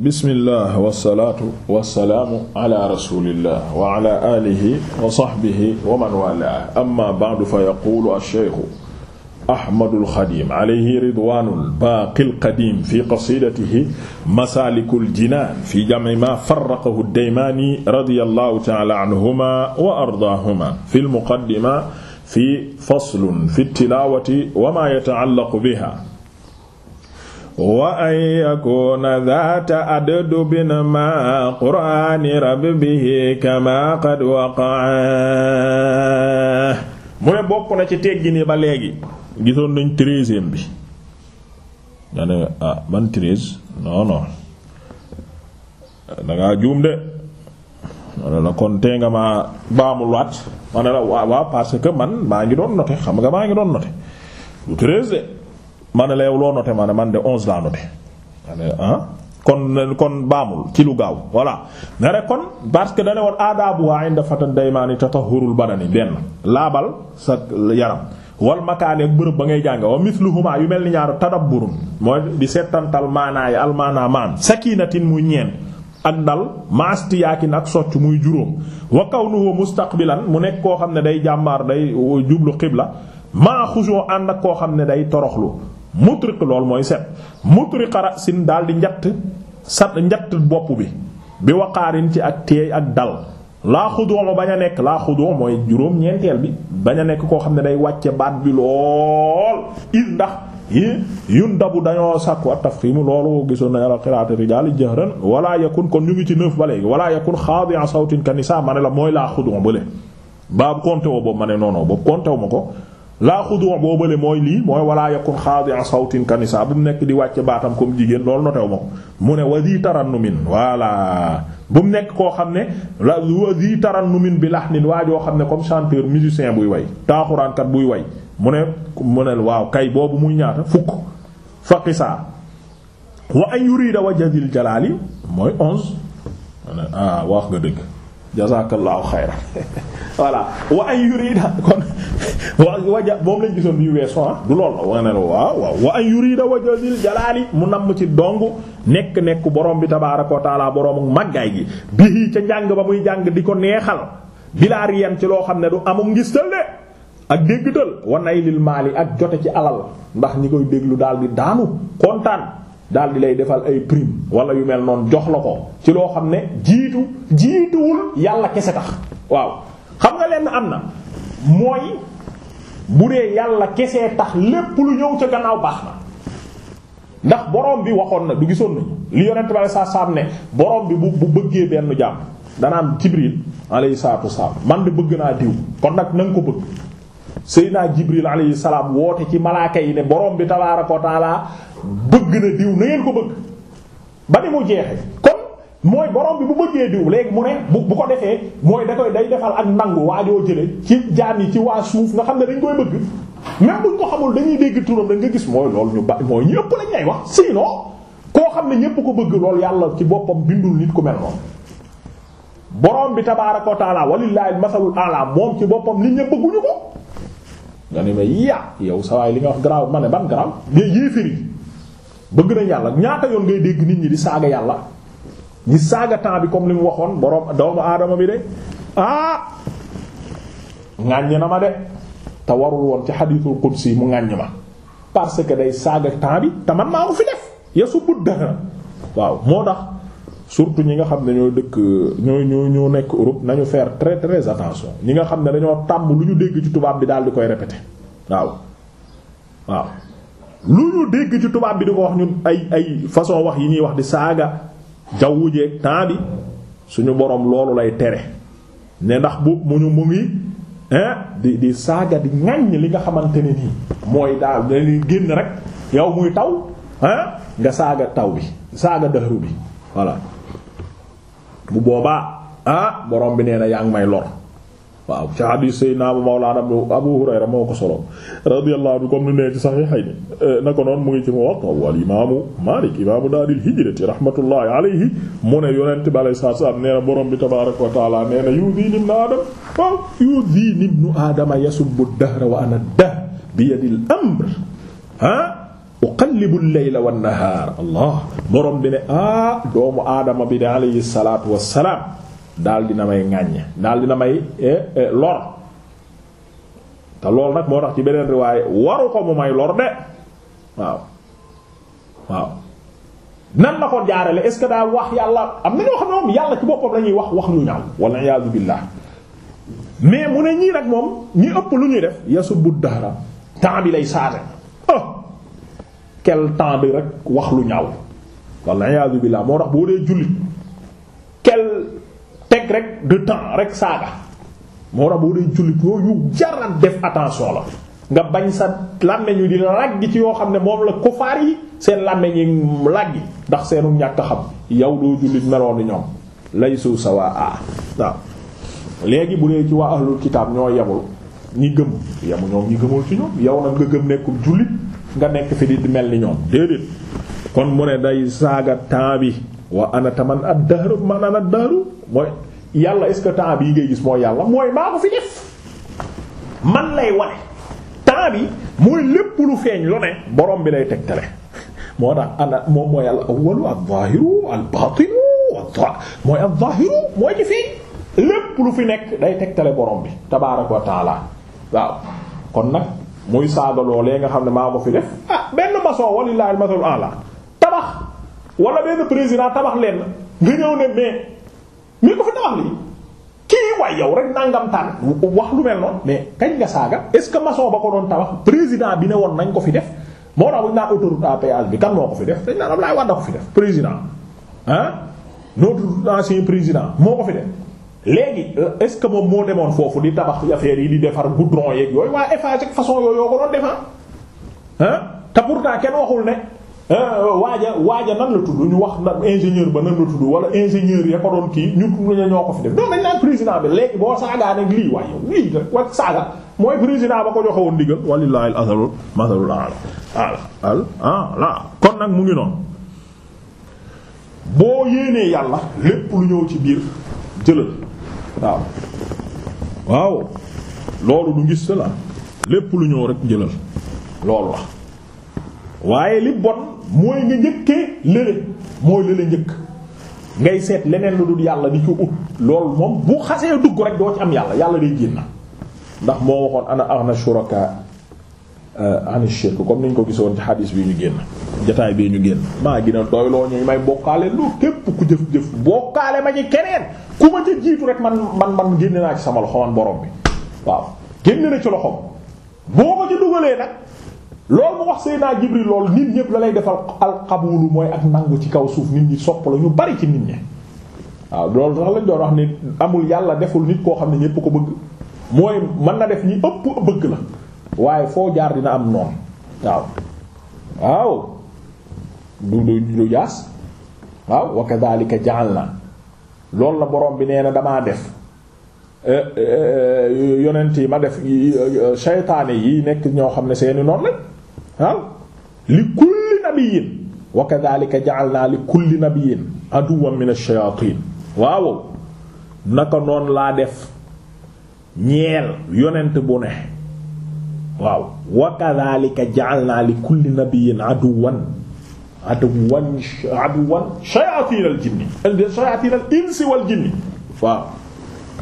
bismillah wasalaatu wasalaamu ala rasulillah wa ala alihi wa sahbihi wa man wala amma ba'du fa yaqulu alcheikhu ahmadu alxadim alayhi ridwanu lbaaqi lqadim fi qasidatihi masaliku ljinan fi jamci ma faraqahu daymaani radiyallahu ta'ala anhuma wa ardaahuma fi lmuqaddima fi faslun fi tilawati wa ma yata'allaqu biha wa an yakuna dhata adubin ma qur'ani rabbihi kama qad waqa'a mu ne bokk na ci teggi ba léegi gisoon nañ treizième bi nga ne ah man treize non non dangaa juum de ma ne la kon tee nga maa baamulwaat ma ne la waa waa parce que man maa ngi doon noté xam nga maa ngi doon noté du treize de ma ne la yow loo noté ma man de onze laa noté ah? kon kon baamul ci lu gaaw voilà na kon parce que da ne woon aadaabuha inda fatan daymaani tatahurul badani benn laabal sa yaram wal makaani ak bërëb ba ngay jàng wa mithluhuma yu mel ni ñaar tadabburun mooy di seetantal maanaayi almaana maan sakinatin muy ñeen ak dal maasti yaakin ak socc muy juróom wa kawnuhu mustaqbilan mu nekk koo xam ne day jàmbaar day jublu xibla maa xusoo ànd ak koo xam ne day toroxlu mutrik loolu mooy set mutrik ra'sin daal di njatt sat njatt bopp bi bi waqaarin ci ak teey ak dal laa a bañ a nekk laa xuduma mooy juróom ñeenteel bi bañ a nekk koo xam ne day wàcce baat bi lool il ndax yun dabu dañoo sàkku at tafximu loolu gisoon na ala qiraati rijaali jahran wala yakun kon ñu ngi ci neuf ba léegi wala yakun xaadi'a sawtin ka nisaa ma ne la mooy laa xuduma ba le baabu konte woo boobu ma ne noonoo boobu konte wu ma ko laa xudu boobale mooy lii mooy walaa yakun xaadi'a sawtin kanisa bu mu nekk di wàcce baatam comme jigéen loolu notew ma ko mu ne wadi tarannumin voilà bu mu nekk koo xam ne la wadi tarannumin bi lahnin waa joo xam ne comme chanteur musicien buy way taaxuraankat buy way mu ne mu ne waaw kay boobu muy ñaata fukk faqisa wa an yurida wajhil jalaali mooy onze ah wax nga dëgg jazaakallahu xayran voilà wa an yurida kon waaw waja moom lañ gisoon bi weesu ah du lool la wa ne la waaw waaw wa an yurida wajhil jalaali mu namm ci dong nekk nekk borom bi tabaaraka wa taala boroomu màggaay gi bii ca njàng ba muy jàng di ko neexal bilaa riyan ci loo xam ne du amul ngistal de ak déggtal wa naylil maali ak jote ci alal ndax ñi koy déglu daal di daanu kontaan daal di lay defal ay prime wala yu mel noonu jox la ko ci loo xam ne jiitu jiituwul yàlla kese tax waaw xam nga lenn am na mooy bu dee yàlla kese tax lépp lu ñëw ca gannaaw baax na ndax borom bi waxoon na du gisoon nañu li yonent bi alayhi salaatu ne borom bi bu bu bëggee benn jàmm danaam Jibril alayhi salaatu salaam man de bëgg naa diw kon nag na nga ko bëgg Seydina Jibril alayhi salaam woote ci malaaka yi ne borom bi tabaaraka wa taala bëgg na diw na ko bëgg ba ni mu jeexee. mooy borom bi bu bëggee diw léegi mu ne bu bu ko defee mooy da koy day defal ak nangu waajoo jële ci jaam yi ci waa suuf nga xam ne dañ koy bëgg même buñ ko xamul dañuy dégg turam da nga gis mooy loolu ñu ba mooy ñëpp lañ lay wax sinon koo xam ne ñëpp ko bëgg loolu yàlla ci boppam bindul nit ku mel noonu borom bi tabaaraka wa taala walillahi masalul ala moom ci boppam nit ñëpp bëgguñu ko nga ne ma ya yow sa waay li nga wax garaaw ma ne ban garaaw les yéeféri bëgg nañ yàlla ñaata yoon ngay dégg nit ñi di saaga yàlla gis saaga temps bi comme li mu waxoon borom doomu aadama bi de ah ŋàññ na ma de te warul woon ci xadiitul qudsi mu ŋàññ ma parce que day saaga temps bi te man maa fi def yesu budda waaw moo tax surtout ñi nga xam ne ñoo dëkk ñoo ñoo ñoo nekk Europe nañu faire très très attention ñi nga xam ne dañoo tàmm lu ñu dégg ci tubaab bi daal di koy répéter waaw waaw lu ñu dégg ci tubaab bi di ko wax ñu ay ay façon wax yi ñuy wax di saaga jawwu jeeg temps bi suñu borom loolu lay tere ne ndax bu mu ñu mu ngi di di saaga di ŋaññ li nga xamante ne nii mooy daal dañuy génn rek yow muy taw nga saaga taw bi saaga dëxëru bi voilà bu boobaa ah borom bi nee na yaa ngi may lor. waaw ci xadiis Seydina Mawlaana Abu Hurayra moo ko solo radiyallahu anhu comme ni nee ci saxiixayni na ko noonu mu ngi ci Muwatta wal imaamu Maalik imaamu daaril hijrati rahmatullahi alayhi mu ne yonent bi alayhi salaatu salaam nee na borom bi tabaaraka wa taala nee na yu'dhiini ibnu aadama waaw yu'dhiini ibnu aadama yasubbu dahra wa ana dahr biyadil amr ah uqallibu al-layla wan-nahaar allah borom bi ne ah doomu aadama bi de alayhi salaatu wassalaam daal dina may ŋàññ daal dina may eh, eh, lor te lool nag moo tax ci beneen riwaaye waru ko mu may lor de waaw waaw nan na ko jaarale est ce daa wax yàlla am na ñoo xam ne moom yàlla ci boppam la ñuy wax wax lu ñaaw wala iyaazu mu ne moom ñi ëpp lu ñuy def yasubbu dahra temps bi lay saate oh! ah bi rek wax lu ñaaw wala iyaazu billah moo tax boo dee jullit quel nekk rek de temps rek saaga moo tax boo dee jullit yooyu jaral def attention la nga bañ sa làmmeñ wi di làggi ci yoo xam ne moom la kufaar yi seen làmmeñ yi làggi ndax seenu ñàkk xam yow doo jullit meloon ni ñoom laysu sawaa ah waaw léegi bu dee ci waa ahlul kitaab ñoo yemul ñi gëm yemu ñoom ñi gëmul ci ñoom yow nag nga gëm nekkul jullit nga nekk fi di mel ni ñoom déedéet kon mu ne day saaga temps bi wa ana taman ad-dahr man ana ad-dahr mooy yàlla est-ce que temps bii ngay gis mooy yàlla mooy maa ko fi def man lay wane temps bi mooy lépp lu feeñ lu borom bi lay tegtale moo tax ana moom mooy al awwalu al zaahiru al baatinu mooy al zaahiru mooy ci lépp lu fi nekk day tegtale borom bi tabaaraka wa taala waaw kon nag muy saaga loolee nga xam ne maa ko fi def ah benn maçon walillahi al mathalu tabax wala benn président tabax leen nga ñëw ne mais mais ko tabax lii kii waay yow rek nangam taan wax lu mel noonu mais kañ nga saaga est-ce que maçon ba ko doon tabax président bi ne woon nañ ko fi def moo tax buñ naan autoroute à péage bi kan moo ko fi def dañ naan Abdoulaye Wade ko fi def président ah notre ancien président moo ko fi def léegi euh, est-ce que moom moo demoon foofu di tabax affaire yi di defar goudron yeeg yooyu waa Eiffage ak façon yooyu yoo ko doon defar ah te pourtant kenn waxul ne Euh, waaja waaja nan la tudd ñu wax na ingénieur ba nan la tudd wala ingénieur ya ko doon kii ñu tudd ñoo ko fi def donc dañ naan président bi léegi boo saagaa nag lii waaye lii rek wax saaga mooy président ba ko joxe woon ndigal walillahi al masalul ala ala al ah, kon nag mu ngi noonu boo yéenee yàlla lépp lu ñëw ci biir jëlal waaw waaw loolu du gis la lépp lu ñëw rek jëlal loolu la waaye li bon mooy nga njëkkee lële moo lële njëkk ngay seet leneen lu dul yàlla di ko ut loolu moom bu xasee dugg rek doo ci am yàlla yàlla day génn ndax moo waxoon ana aghna shuraka euh, an shirk comme niñ ko gisoon ci xadiis bi ñu génn jataay bii ñu génn maa gën a doy loo ñuy may bokkaale lu képp ku jëf jëf bokkaale ma ci keneen ku ma ca jiitu rek man man man génn naa ci sama loxo man borom bi waaw génn na ci loxom boo ko ci dugalee nag loolu mu wax Seydina Jibril loolu nit ñépp la lay defal alxabulu mooy ak nangu ci kaw suuf nit ñi sopp la ñu bari ci nit ñi waaw lool sax lañ doon wax ni amul yàlla deful nit koo xam ne ñépp ko bëgg mooy mën na def ñi ëpp bëgg la waaye foo jaar dina am noonu waaw waaw du du jaas waaw wa kadhalika ja'alna loolu la borom bi nee na damaa def eh, eh, eh, yonent yi ma def seytaane yi nekk ñoo xam ne seeni noon la waaw li kulli nabiyyin wa kadhalika ja'alna li kulli def ñeel yonent bu ne li kulli nabiyyin aduwwan aduwwan aduwwan shayatin al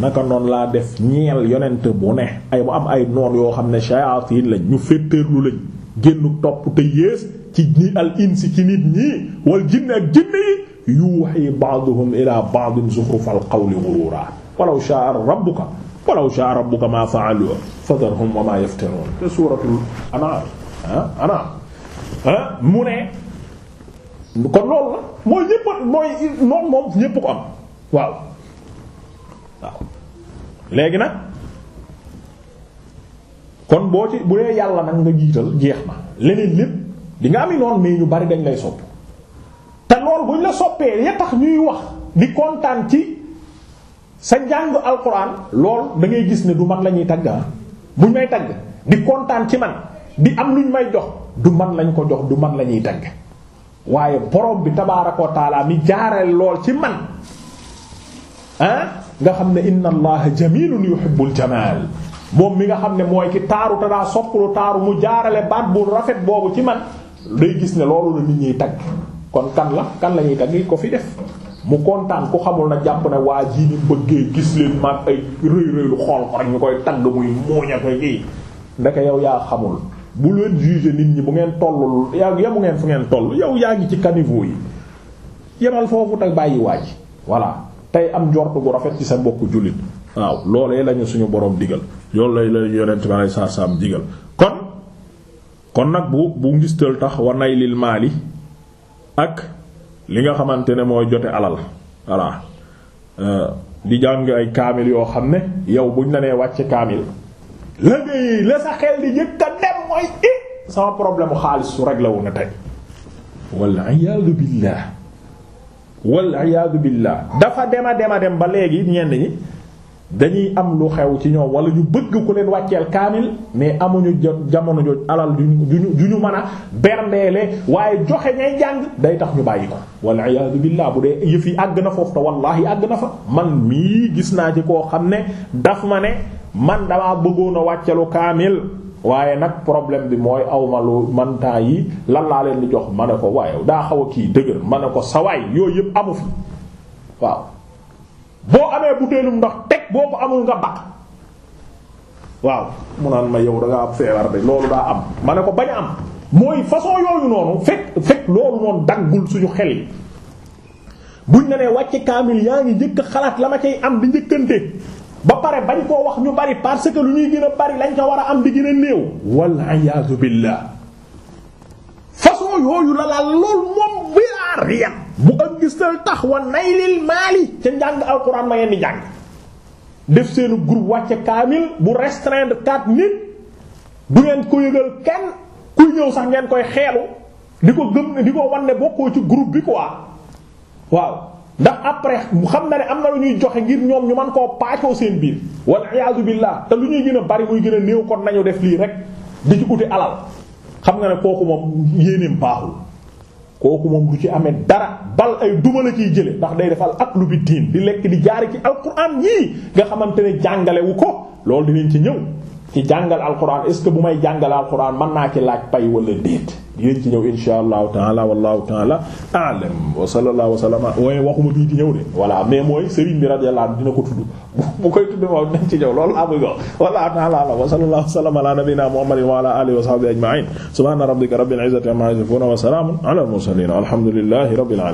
naka noonu laa def ñeel yonent bu ne ay mu am ay noon yoo xam ne shayatin lañ ñu féttéerlu lañ génnu topp te yées ci ñi al insi ci nit ñi wal jinne ak jinne yi yuuhi ba'duhum ila ba'din zuxrufal qawli ghuruura walaw sha'a rabbuka walaw sha'a rabbuka ma fa'aluhu fadharhum wa ma yaftanuun te suuratul anaam ah anaam ah mu ne kon loolu la mooy ñépp mooy noonu moom ñépp ko am waaw waaw léegi nag kon boo ci bu dee yàlla nag nga jiital jeex na leneen lépp di nga ami noonu mais ñu bari dañ lay sopp te bu buñ la soppee ya tax ñuy wax di kontaan ci sa njàng alquran lool dangay gis ne du man la ñuy tagg ah. buñ may tagg di kontaan ci man di am luñ may jox du man lañ ko jox du man la ñuy tagg waaye boroom bi tabaaraka wa mi jaareel lool ci man ah nga xam ne inna allaha jamilun yuhibbul jamal moom mi nga xam ne mooy ki taaru te daa soppalu taaru mu jaarale baat bu rafet boobu ci man day gis ne loolu la nit ñiy tagg kon kan la kan lañuy ñuy tagg ko fi def mu kontaan ku xamul na jàpp ne waa ji ni bëggee gis leen maag ay rëy rëy lu xool ko ñu koy tagg muy muuña ko kii ndeke yow yaa xamul bu leen juger nit ñi bu ngeen tollul yow yamu ngeen fu ngeen toll yow yaa ngi ci caniveau yi yemal foofu te bàyyi waa ji voilà tey am njort bu rafet ci sa mbokku jullit waaw loolee lañu suñu borom digal loolu lay la yonent ba lay saar-saam digal kon kon nag bu bu ngistal tax wa nay lil maali ak li nga xamante ne mooy jote alal voilà euh, di jàng ay kaamil yoo xam ne yow buñ la nee wàcce kaamil la ngay la sa xel di njëkk a dem mooy i eh, sama problème mu xaalis su réglé wu na tey walla iyaadu billaah walla iyaadu billaah dafa dema dema dem ba léegi ñenn ñi dañuy am lu xew ci ñoom wala ñu bëgg ku leen wàcceel kaamil mais amuñu jamono joj alal juñu ju ñu mën a berndeele waaye joxe ñay jàng day tax ñu bàyyi ko wal iyaadu billah bu dee yëf yi àgg na foofu te wallaahi àgg na fa man mii gis naa ci koo xam ne daf ma ne man damaa bëggoon a wàccelu kaamil waaye nag problème bi mooy aw ma lu man yi lan laa leen di jox ma ne ko waaye daa xaw a kii dëgër ma ne ko sawaay yooyu yëpp amu fi waaw boo amee butéelum ndox teg boo ko amul nga baq waaw mu naan ma yow da am feebar de loolu daa am ma ne ko bañ am mooy façon yooyu noonu fekk fekk loolu noonu daggul suñu xel yi buñ ne nee wàcce kaamil yaa ngi njëkk xalaat la ma cay am di njëkkante ba pare bañ koo wax ñu bari parce que lu ñuy gën a bari lañ ca war a am di gën a néew wal iyaazu billah façon yooyu la laal loolu moom bilaar yan bu ak gistal tax wa naylil maali ca njàng alxuraan ma ngeen di jàng def seenu groupe wàcce kaamil bu restreindre quatre nit du ngeen ko yëgal kenn kuy ñëw sax ngeen koy xeelu di ko gëm di ko wan ne bokkoo ci groupe bi quoi waaw ndax après xam na ne am na lu ñuy joxe ngir ñoom ñu man koo paacoo seen biir wal iyaazu billah te lu ñuy gën a bari muy gën a néew kon nañu def lii rek di ci uti alal xam na ne kooku moom yéeneem baaxul kooku moom du ci amee dara bal ay duma la ciy jële ndax day defal ak lu bi di lekk di jaari ci alquran yii nga xamante ne jàngale wu ko loolu dinañ ci ñëw ci jàngal alquran est ce que bu may jàngale alquran mën naa ci laaj pay la déet yéen ci ñëw insha allahu taala wallahu taala a'lam wa sallallahu wa sallama waaye waxuma bii di ñëw de voilà mais mooy Serigne bi radiyallahu anhu dina ko tudd bu koy tudd moom nañ ci ñëw loolu laa bëgg wax wallahu taala wa sallallahu wa sallama ala nabiyyina muhammadin wa ala alihi wa sahbihi ajma'in subhana rabbika rabbil izzati amma alamin